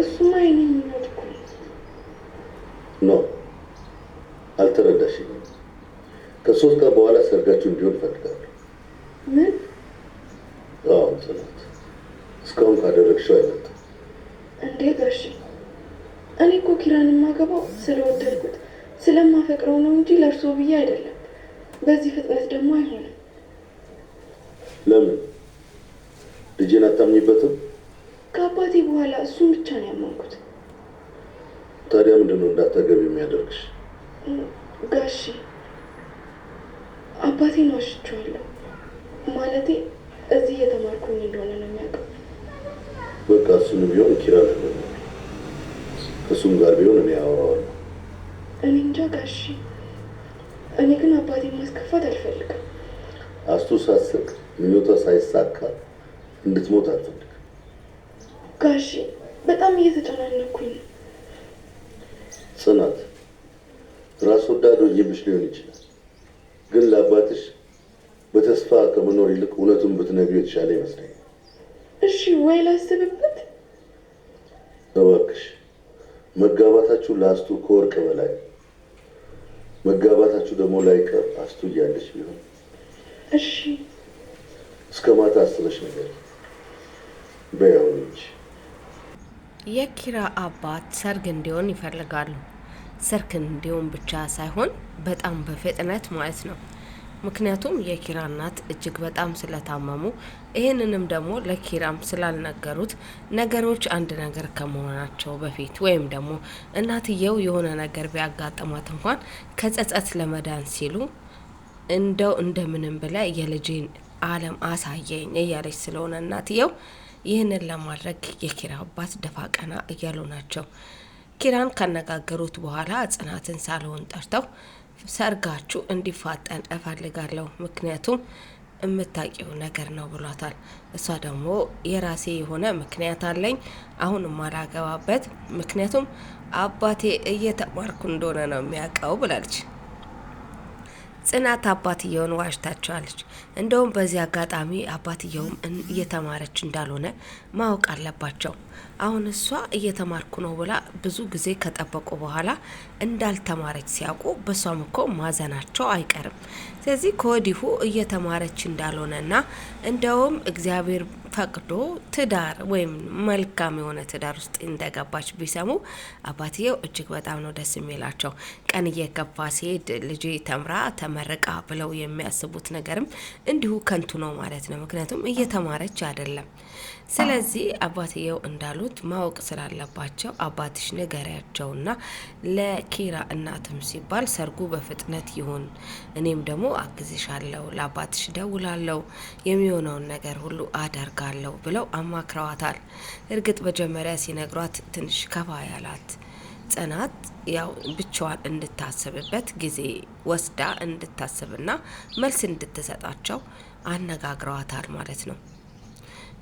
እሱማ ይኔ የሚሞት እኮ ኖ አልተረዳሽም። ከሶስት ቀን በኋላ ሰርጋችሁ እንዲሆን እፈልጋለሁ። ምን? አዎ ጽናት፣ እስካሁን ካደረግሽው አይመጣም እንዴ? ጋሽ እኔ እኮ ኪራን የማገባው ስለወደድኩት ስለማፈቅረው ነው እንጂ ለእርሶ ብዬ አይደለም። በዚህ ፍጥነት ደግሞ አይሆንም። ለምን? ልጄን አታምኝበትም? ከአባቴ በኋላ እሱን ብቻ ነው ያመንኩት። ታዲያ ምንድን ነው እንዳታገቢ የሚያደርግሽ? ጋሺ አባቴን ዋሽቼዋለሁ። ማለቴ እዚህ እየተማርኩኝ እንደሆነ ነው የሚያውቀው። በቃ እሱን ቢሆን ኪራ ነገር እሱም ጋር ቢሆን እኔ አወራዋለሁ። እኔ እንጃ ጋሺ፣ እኔ ግን አባቴን ማስከፋት አልፈልግም። አስቱ ሳስቅ ምኞቷ ሳይሳካ እንድትሞት አልፈልግም። ጋሽ በጣም እየተጨናነኩኝ ነው። ጽናት ራስ ወዳድ ሆኜብሽ ሊሆን ይችላል፣ ግን ለአባትሽ በተስፋ ከመኖር ይልቅ እውነቱን ብትነግሪው የተሻለ ይመስለኛል። እሺ ወይ ላስብበት። እባክሽ መጋባታችሁ ለአስቱ ከወርቅ በላይ መጋባታችሁ ደግሞ ላይቀር አስቱ እያለሽ ቢሆን እሺ። እስከ ማታ አስበሽ ነገር በያው እንጂ የኪራ አባት ሰርግ እንዲሆን ይፈልጋሉ። ሰርግ እንዲሆን ብቻ ሳይሆን በጣም በፍጥነት ማለት ነው። ምክንያቱም የኪራ እናት እጅግ በጣም ስለታመሙ፣ ይህንንም ደግሞ ለኪራም ስላልነገሩት ነገሮች አንድ ነገር ከመሆናቸው በፊት ወይም ደግሞ እናትየው የሆነ ነገር ቢያጋጥሟት እንኳን ከጸጸት ለመዳን ሲሉ እንደው እንደምንም ብለ የልጅን ዓለም አሳየኝ እያለች ስለሆነ እናትየው ይህንን ለማድረግ የኪራ አባት ደፋ ቀና እያሉ ናቸው። ኪራን ካነጋገሩት በኋላ ጽናትን ሳሎን ጠርተው ሰርጋችሁ እንዲፋጠን እፈልጋለሁ፣ ምክንያቱም የምታውቂው ነገር ነው ብሏታል። እሷ ደግሞ የራሴ የሆነ ምክንያት አለኝ፣ አሁን ማላገባበት ምክንያቱም አባቴ እየተማርኩ እንደሆነ ነው የሚያውቀው ብላለች። ጽናት አባትየውን ዋሽታቸዋለች። እንደውም በዚህ አጋጣሚ አባትየውም እየተማረች እንዳልሆነ ማወቅ አለባቸው። አሁን እሷ እየተማርኩ ነው ብላ ብዙ ጊዜ ከጠበቁ በኋላ እንዳልተማረች ሲያውቁ በእሷም እኮ ማዘናቸው አይቀርም። ስለዚህ ከወዲሁ እየተማረች እንዳልሆነና እንደውም እግዚአብሔር ፈቅዶ ትዳር ወይም መልካም የሆነ ትዳር ውስጥ እንደገባች ቢሰሙ አባትየው እጅግ በጣም ነው ደስ የሚላቸው። ቀን እየገፋ ሲሄድ ልጅ ተምራ ተመርቃ ብለው የሚያስቡት ነገርም እንዲሁ ከንቱ ነው ማለት ነው። ምክንያቱም እየተማረች አይደለም። ስለዚህ አባትየው እንዳሉት ማወቅ ስላለባቸው አባትሽ ንገሪያቸውና ለኪራ እናትም ሲባል ሰርጉ በፍጥነት ይሁን፣ እኔም ደግሞ አግዝሻለሁ፣ ለአባትሽ ደውላለሁ፣ የሚሆነውን ነገር ሁሉ አደርግ አደርጋለሁ ብለው አማክረዋታል። እርግጥ መጀመሪያ ሲነግሯት ትንሽ ከፋ ያላት ጽናት ያው ብቻዋን እንድታስብበት ጊዜ ወስዳ እንድታስብና መልስ እንድትሰጣቸው አነጋግረዋታል ማለት ነው።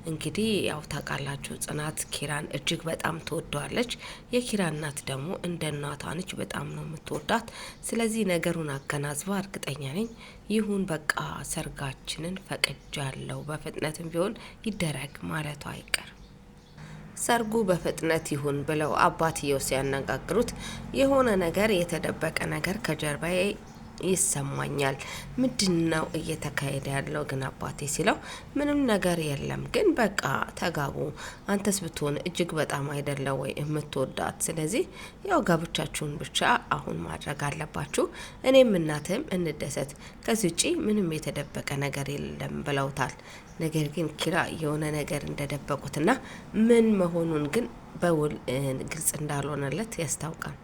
እንግዲህ ያው ታውቃላችሁ ጽናት ኪራን እጅግ በጣም ትወደዋለች። የኪራ እናት ደግሞ እንደ እናቷ ነች፣ በጣም ነው የምትወዳት። ስለዚህ ነገሩን አገናዝባ እርግጠኛ ነኝ ይሁን በቃ ሰርጋችንን ፈቅጃለሁ፣ በፍጥነትም ቢሆን ይደረግ ማለቷ አይቀርም። ሰርጉ በፍጥነት ይሁን ብለው አባትየው ሲያነጋግሩት የሆነ ነገር የተደበቀ ነገር ከጀርባዬ ይሰማኛል። ምንድን ነው እየተካሄደ ያለው ግን አባቴ ሲለው ምንም ነገር የለም ግን በቃ ተጋቡ፣ አንተስ ብትሆን እጅግ በጣም አይደለ ወይ የምትወዳት? ስለዚህ ያው ጋብቻችሁን ብቻ አሁን ማድረግ አለባችሁ። እኔም እናትም እንደሰት፣ ከዚህ ውጪ ምንም የተደበቀ ነገር የለም ብለውታል። ነገር ግን ኪራ የሆነ ነገር እንደደበቁትና ምን መሆኑን ግን በውል ግልጽ እንዳልሆነለት ያስታውቃል።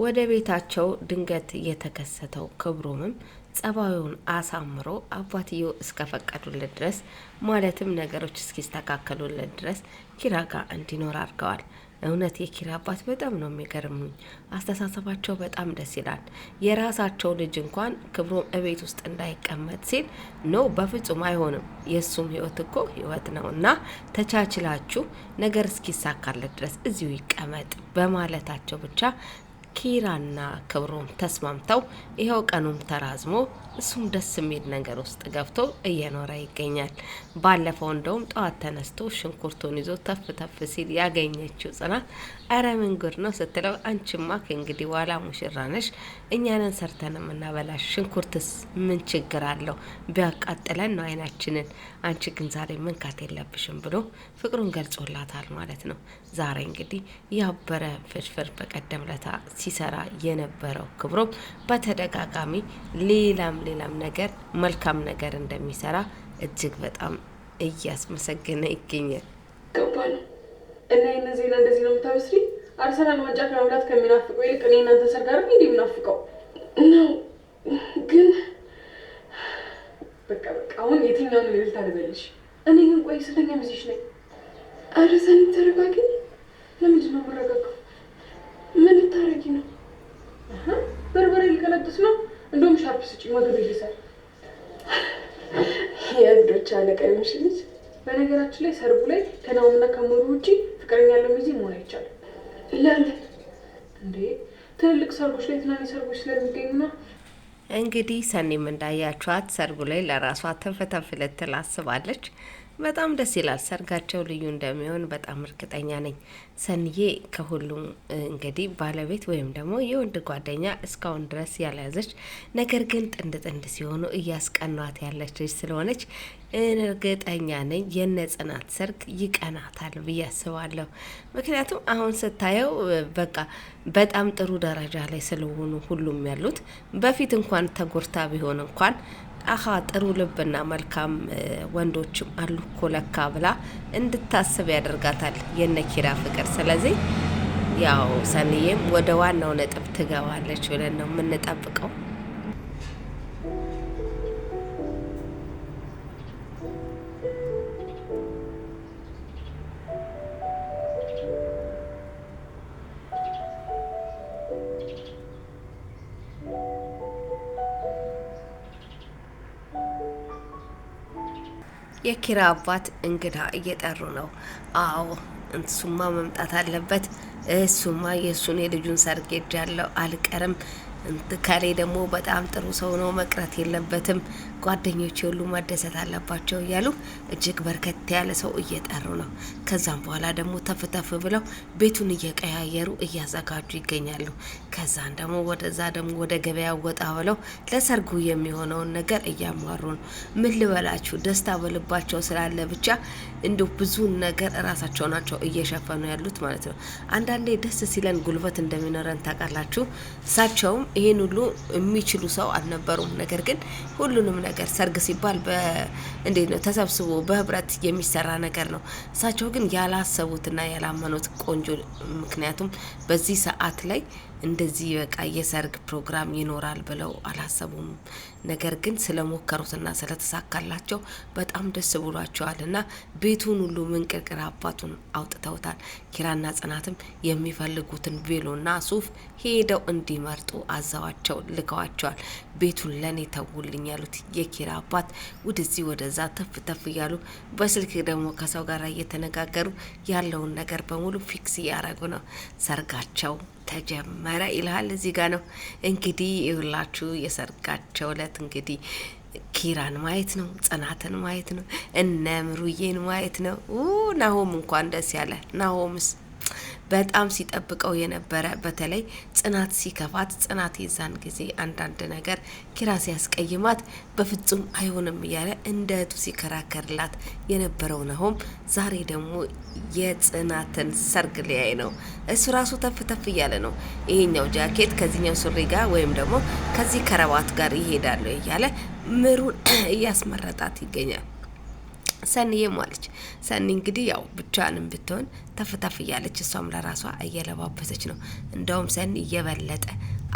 ወደ ቤታቸው ድንገት የተከሰተው ክብሮምም ጸባዩን አሳምሮ አባትየው እስከፈቀዱለት ድረስ ማለትም ነገሮች እስኪስተካከሉለት ድረስ ኪራ ጋር እንዲኖር አድርገዋል። እውነት የኪራ አባት በጣም ነው የሚገርሙኝ። አስተሳሰባቸው በጣም ደስ ይላል። የራሳቸው ልጅ እንኳን ክብሮም እቤት ውስጥ እንዳይቀመጥ ሲል ኖ በፍጹም አይሆንም፣ የእሱም ህይወት እኮ ህይወት ነው እና ተቻችላችሁ ነገር እስኪሳካለት ድረስ እዚሁ ይቀመጥ በማለታቸው ብቻ ኪራና ክብሮም ተስማምተው ይኸው ቀኑም ተራዝሞ እሱም ደስ የሚል ነገር ውስጥ ገብቶ እየኖረ ይገኛል። ባለፈው እንደውም ጠዋት ተነስቶ ሽንኩርቱን ይዞ ተፍ ተፍ ሲል ያገኘችው ጽናት አረ ምን ጉድ ነው ስትለው፣ አንቺማ ከእንግዲህ ዋላ ሙሽራ ነሽ፣ እኛንን ሰርተን የምናበላሽ፣ ሽንኩርትስ ምን ችግር አለው? ቢያቃጥለን ነው አይናችንን። አንቺ ግን ዛሬ መንካት የለብሽም ብሎ ፍቅሩን ገልጾላታል ማለት ነው። ዛሬ እንግዲህ ያበረ ፍርፍር በቀደም ለታ ሲሰራ የነበረው ክብሮም በተደጋጋሚ ሌላም ሌላም ነገር መልካም ነገር እንደሚሰራ እጅግ በጣም እያስመሰገነ ይገኛል። እና ይህንን ዜና እንደዚህ ነው የምታበስሪ። አርሰናል ዋንጫ ከመብላት ከሚናፍቀው ይልቅ እኔ እናንተ ሰርጋር ጋር እንዲ የምናፍቀው ነው። ግን በቃ በቃ አሁን የትኛውን ልልት አልበልሽ። እኔ ግን ቆይ ስለኛ ሚዜሽ ነኝ። አርሰን ተረጋግኝ። ለምንድን ነው የምረጋገው? ልጅ። በነገራችን ላይ ሰርጉ ላይ ከናውምና ከሞሩ ውጪ ፍቅረኛ ያለው ጊዜ መሆን አይቻልም። ለምን እንዴ? ትልልቅ ሰርጎች ላይ ትናንሽ ሰርጎች ስለሚገኙና እንግዲህ ሰኔም እንዳያችኋት ሰርጉ ላይ ለራሷ ተንፈተንፍለት ትላስባለች። በጣም ደስ ይላል። ሰርጋቸው ልዩ እንደሚሆን በጣም እርግጠኛ ነኝ። ሰንዬ ከሁሉም እንግዲህ ባለቤት ወይም ደግሞ የወንድ ጓደኛ እስካሁን ድረስ ያልያዘች ነገር ግን ጥንድ ጥንድ ሲሆኑ እያስቀኗት ያለች ልጅ ስለሆነች እርግጠኛ ነኝ የነ ጽናት ሰርግ ይቀናታል ብዬ አስባለሁ። ምክንያቱም አሁን ስታየው በቃ በጣም ጥሩ ደረጃ ላይ ስለሆኑ ሁሉም ያሉት በፊት እንኳን ተጎርታ ቢሆን እንኳን አሀ ጥሩ ልብና መልካም ወንዶችም አሉ እኮ ለካ ብላ እንድታስብ ያደርጋታል የነኪራ ፍቅር። ስለዚህ ያው ሰንዬም ወደ ዋናው ነጥብ ትገባለች ብለን ነው የምንጠብቀው። የኪራ አባት እንግዳ እየጠሩ ነው። አዎ እሱማ መምጣት አለበት። እሱማ የእሱን የልጁን ሰርግ ሄጃለሁ አልቀርም። እንትካሌ ደግሞ በጣም ጥሩ ሰው ነው፣ መቅረት የለበትም። ጓደኞች ሁሉ መደሰት አለባቸው እያሉ እጅግ በርከት ያለ ሰው እየጠሩ ነው። ከዛም በኋላ ደግሞ ተፍተፍ ብለው ቤቱን እየቀያየሩ እያዘጋጁ ይገኛሉ። ከዛን ደግሞ ወደዛ ደግሞ ወደ ገበያ ወጣ ብለው ለሰርጉ የሚሆነውን ነገር እያሟሩ ነው። ምን ልበላችሁ ደስታ በልባቸው ስላለ ብቻ እንዲ ብዙ ነገር እራሳቸው ናቸው እየሸፈኑ ያሉት ማለት ነው። አንዳንዴ ደስ ሲለን ጉልበት እንደሚኖረን ታውቃላችሁ። እሳቸውም ይህን ሁሉ የሚችሉ ሰው አልነበሩም። ነገር ግን ሁሉንም ነገር ነገር ሰርግ ሲባል እንዴት ነው ተሰብስቦ በህብረት የሚሰራ ነገር ነው። እሳቸው ግን ያላሰቡትና ያላመኑት ቆንጆ ምክንያቱም በዚህ ሰዓት ላይ እንደዚህ በቃ የሰርግ ፕሮግራም ይኖራል ብለው አላሰቡም። ነገር ግን ስለሞከሩትና ስለተሳካላቸው በጣም ደስ ብሏቸዋል እና ቤቱን ሁሉ ምንቅርቅር አባቱን አውጥተውታል። ኪራና ጽናትም የሚፈልጉትን ቬሎና ሱፍ ሄደው እንዲመርጡ አዘዋቸው ልከዋቸዋል። ቤቱን ለእኔ ተውልኝ ያሉት የኪራ አባት ወደዚህ ወደዛ ተፍ ተፍ እያሉ በስልክ ደግሞ ከሰው ጋር እየተነጋገሩ ያለውን ነገር በሙሉ ፊክስ እያረጉ ነው ሰርጋቸው ተጀመረ ይልሃል። እዚህ ጋር ነው እንግዲህ ይሁላችሁ የሰርጋቸው እለት እንግዲህ ኪራን ማየት ነው፣ ጽናትን ማየት ነው፣ እነ ምሩዬን ማየት ነው። ናሆም እንኳን ደስ ያለ ናሆምስ በጣም ሲጠብቀው የነበረ በተለይ ጽናት ሲከፋት፣ ጽናት የዛን ጊዜ አንዳንድ ነገር ኪራ ሲያስቀይማት በፍጹም አይሆንም እያለ እንደ እህቱ ሲከራከርላት የነበረው ናሆም ዛሬ ደግሞ የጽናትን ሰርግ ሊያይ ነው። እሱ ራሱ ተፍ ተፍ እያለ ነው። ይሄኛው ጃኬት ከዚህኛው ሱሪ ጋር ወይም ደግሞ ከዚህ ከረባት ጋር ይሄዳለሁ እያለ ምሩን እያስመረጣት ይገኛል። ሰንዬ ሟለች። ሰኒ እንግዲህ ያው ብቻዋንም ብትሆን ተፍተፍ እያለች እሷም ለራሷ እየለባበሰች ነው። እንደውም ሰኒ እየበለጠ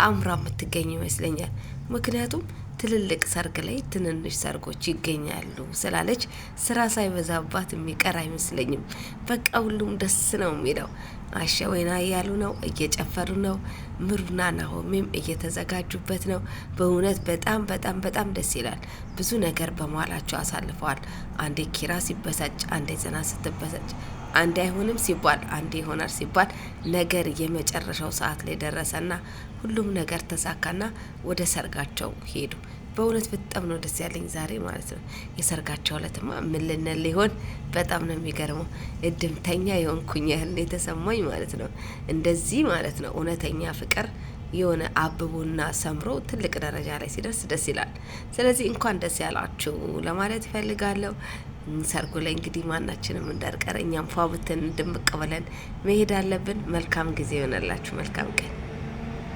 አምራ የምትገኝ ይመስለኛል። ምክንያቱም ትልልቅ ሰርግ ላይ ትንንሽ ሰርጎች ይገኛሉ ስላለች ስራ ሳይበዛባት የሚቀር አይመስለኝም። በቃ ሁሉም ደስ ነው የሚለው አሸ ወይና እያሉ ነው፣ እየጨፈሩ ነው። ምሩና ናሆሜም እየተዘጋጁበት ነው። በእውነት በጣም በጣም በጣም ደስ ይላል። ብዙ ነገር በመዋላቸው አሳልፈዋል። አንዴ ኪራ ሲበሳጭ፣ አንዴ ዘና ስትበሳጭ፣ አንዴ አይሆንም ሲባል፣ አንዴ ይሆናል ሲባል ነገር የመጨረሻው ሰዓት ላይ ደረሰና ሁሉም ነገር ተሳካና ወደ ሰርጋቸው ሄዱ። በእውነት በጣም ነው ደስ ያለኝ ዛሬ ማለት ነው። የሰርጋቸው ዕለትማ ምን ልንል ሊሆን በጣም ነው የሚገርመው። እድምተኛ የሆንኩኝ ያህል የተሰማኝ ማለት ነው። እንደዚህ ማለት ነው እውነተኛ ፍቅር የሆነ አብቦና ሰምሮ ትልቅ ደረጃ ላይ ሲደርስ ደስ ይላል። ስለዚህ እንኳን ደስ ያላችሁ ለማለት ይፈልጋለሁ። ሰርጉ ላይ እንግዲህ ማናችንም እንዳንቀር እኛም ፏቡትን ድምቅ ብለን መሄድ አለብን። መልካም ጊዜ ይሆነላችሁ። መልካም ቀን